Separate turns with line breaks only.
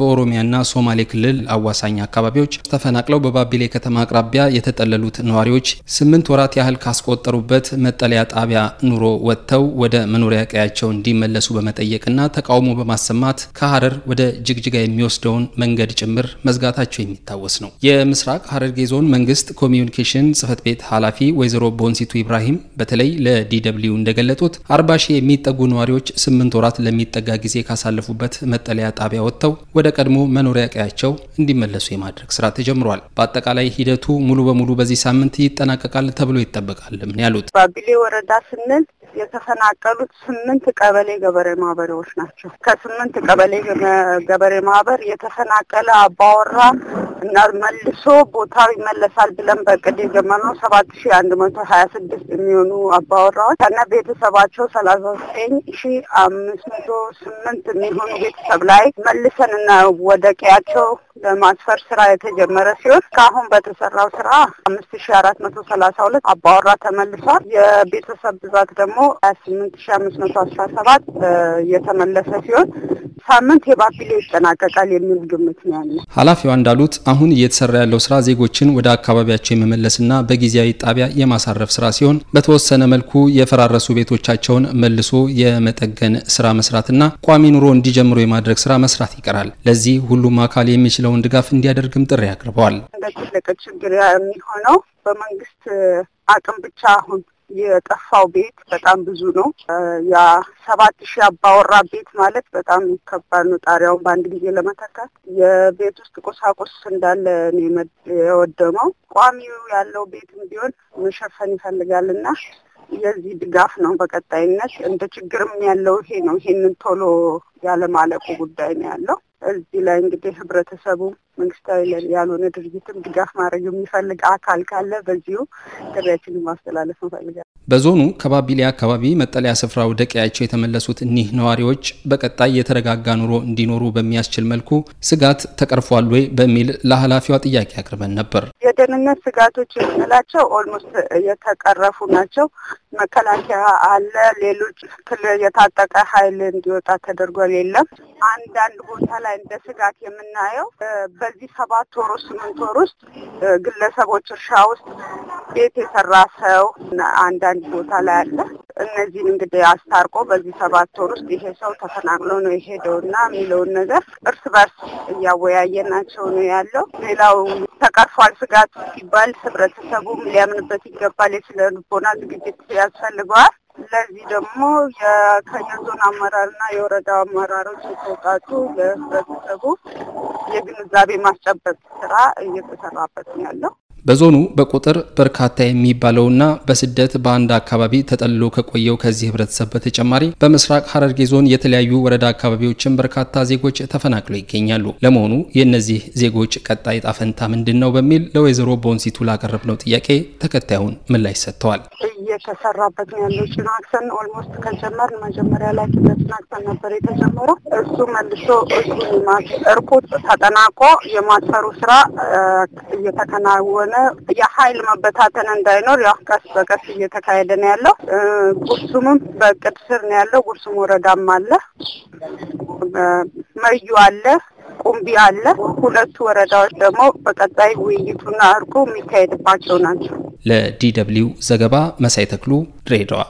በኦሮሚያና ሶማሌ ክልል አዋሳኝ አካባቢዎች ተፈናቅለው በባቢሌ ከተማ አቅራቢያ የተጠለሉት ነዋሪዎች ስምንት ወራት ያህል ካስቆጠሩበት መጠለያ ጣቢያ ኑሮ ወጥተው ወደ መኖሪያ ቀያቸው እንዲመለሱ በመጠየቅና ተቃውሞ በማሰማት ከሀረር ወደ ጅግጅጋ የሚወስደውን መንገድ ጭምር መዝጋታቸው የሚታወስ ነው። የምስራቅ ሀረርጌ ዞን መንግስት ኮሚዩኒኬሽን ጽህፈት ቤት ኃላፊ ወይዘሮ ቦንሲቱ ኢብራሂም በተለይ ለዲደብልዩ እንደገለጡት አርባ ሺህ የሚጠጉ ነዋሪዎች ስምንት ወራት ለሚጠጋ ጊዜ ካሳለፉበት መጠለያ ጣቢያ ወጥተው ወደ ወደ ቀድሞ መኖሪያ ቀያቸው እንዲመለሱ የማድረግ ስራ ተጀምሯል። በአጠቃላይ ሂደቱ ሙሉ በሙሉ በዚህ ሳምንት ይጠናቀቃል ተብሎ ምን ያሉት
ባቢሌ ወረዳ ስምንት የተፈናቀሉት ስምንት ቀበሌ ገበሬ ማህበሬዎች ናቸው። ከስምንት ቀበሌ ገበሬ ማህበር የተፈናቀለ አባወራ መልሶ ቦታው ይመለሳል ብለን በቅድ የጀመርነው ሰባት ሺ አንድ መቶ ሀያ ስድስት የሚሆኑ አባወራዎች ከነ ቤተሰባቸው ሰላሳ ዘጠኝ ሺ አምስት መቶ ስምንት የሚሆኑ ቤተሰብ ላይ መልሰን እና ወደ ቀያቸው ለማስፈር ስራ የተጀመረ ሲሆን ከአሁን በተሰራው ስራ አምስት ሺ አራት መቶ ሰላሳ ሁለት አባወራ ተመልሷል። የቤተሰብ ብዛት ደግሞ ሀያ ስምንት ሺ አምስት መቶ አስራ ሰባት የተመለሰ ሲሆን ሳምንት የባቢሌ ይጠናቀቃል የሚል ግምት ነው ያለ
ኃላፊዋ እንዳሉት አሁን እየተሰራ ያለው ስራ ዜጎችን ወደ አካባቢያቸው የመመለስና በጊዜያዊ ጣቢያ የማሳረፍ ስራ ሲሆን በተወሰነ መልኩ የፈራረሱ ቤቶቻቸውን መልሶ የመጠገን ስራ መስራትና ቋሚ ኑሮ እንዲጀምሩ የማድረግ ስራ መስራት ይቀራል። ለዚህ ሁሉም አካል የሚችለውን ድጋፍ እንዲያደርግም ጥሪ አቅርበዋል።
ትልቅ ችግር የሚሆነው በመንግስት አቅም ብቻ አሁን የጠፋው ቤት በጣም ብዙ ነው። ያ ሰባት ሺህ አባወራ ቤት ማለት በጣም ከባድ ነው። ጣሪያውን በአንድ ጊዜ ለመተካት የቤት ውስጥ ቁሳቁስ እንዳለ የወደመው። ቋሚው ያለው ቤትም ቢሆን መሸፈን ይፈልጋል እና የዚህ ድጋፍ ነው በቀጣይነት እንደ ችግርም ያለው ይሄ ነው። ይሄንን ቶሎ ያለማለቁ ጉዳይ ነው ያለው። እዚህ ላይ እንግዲህ ህብረተሰቡ መንግስታዊ ያልሆነ ድርጅትም ድጋፍ ማድረግ የሚፈልግ አካል ካለ በዚሁ ጥሪያችንን ማስተላለፍ እንፈልጋለን።
በዞኑ ከባቢሌ አካባቢ መጠለያ ስፍራ ወደ ቀያቸው የተመለሱት እኒህ ነዋሪዎች በቀጣይ የተረጋጋ ኑሮ እንዲኖሩ በሚያስችል መልኩ ስጋት ተቀርፏል ወይ በሚል ለኃላፊዋ ጥያቄ አቅርበን ነበር።
የደህንነት ስጋቶች የምንላቸው ኦልሞስት የተቀረፉ ናቸው። መከላከያ አለ። ሌሎች የታጠቀ ኃይል እንዲወጣ ተደርጓል። የለም አንዳንድ ቦታ ላይ እንደ ስጋት የምናየው በዚህ ሰባት ወር ስምንት ወር ውስጥ ግለሰቦች እርሻ ውስጥ ቤት የሰራ ሰው አንዳንድ ቦታ ላይ አለ። እነዚህን እንግዲህ አስታርቆ በዚህ ሰባት ወር ውስጥ ይሄ ሰው ተፈናቅሎ ነው የሄደው እና የሚለውን ነገር እርስ በርስ እያወያየናቸው ነው ያለው። ሌላው ተቀርፏል ስጋት ሲባል ህብረተሰቡም ሊያምንበት ይገባል። የስነ ልቦና ዝግጅት ያስፈልገዋል። ለዚህ ደግሞ የዞን አመራርና የወረዳው አመራሮች የተውጣጡ ለህብረተሰቡ የግንዛቤ ማስጨበጥ ስራ እየተሰራበት ነው ያለው።
በዞኑ በቁጥር በርካታ የሚባለውና በስደት በአንድ አካባቢ ተጠልሎ ከቆየው ከዚህ ህብረተሰብ በተጨማሪ በምስራቅ ሐረርጌ ዞን የተለያዩ ወረዳ አካባቢዎችን በርካታ ዜጎች ተፈናቅለው ይገኛሉ። ለመሆኑ የእነዚህ ዜጎች ቀጣይ ጣፈንታ ምንድን ነው በሚል ለወይዘሮ ቦንሲቱ ላቀረብነው ጥያቄ ተከታዩን ምላሽ ሰጥተዋል።
እየተሰራበት ነው ያለው። ጭናክሰን ኦልሞስት ከጀመር መጀመሪያ ላይ በጭናክሰን ነበር የተጀመረው። እሱ መልሶ እሱ እርቁት ተጠናቆ የማሰሩ ስራ እየተከናወነ የሀይል መበታተን እንዳይኖር ያው ቀስ በቀስ እየተካሄደ ነው ያለው። ጉርሱምም በቅድ ስር ነው ያለው። ጉርሱም ወረዳም አለ፣ መዩ አለ ቁምቢ አለ። ሁለቱ ወረዳዎች ደግሞ በቀጣይ ውይይቱና እርቁ የሚካሄድባቸው ናቸው።
ለዲ ደብልዩ ዘገባ መሳይ ተክሉ ድሬዳዋ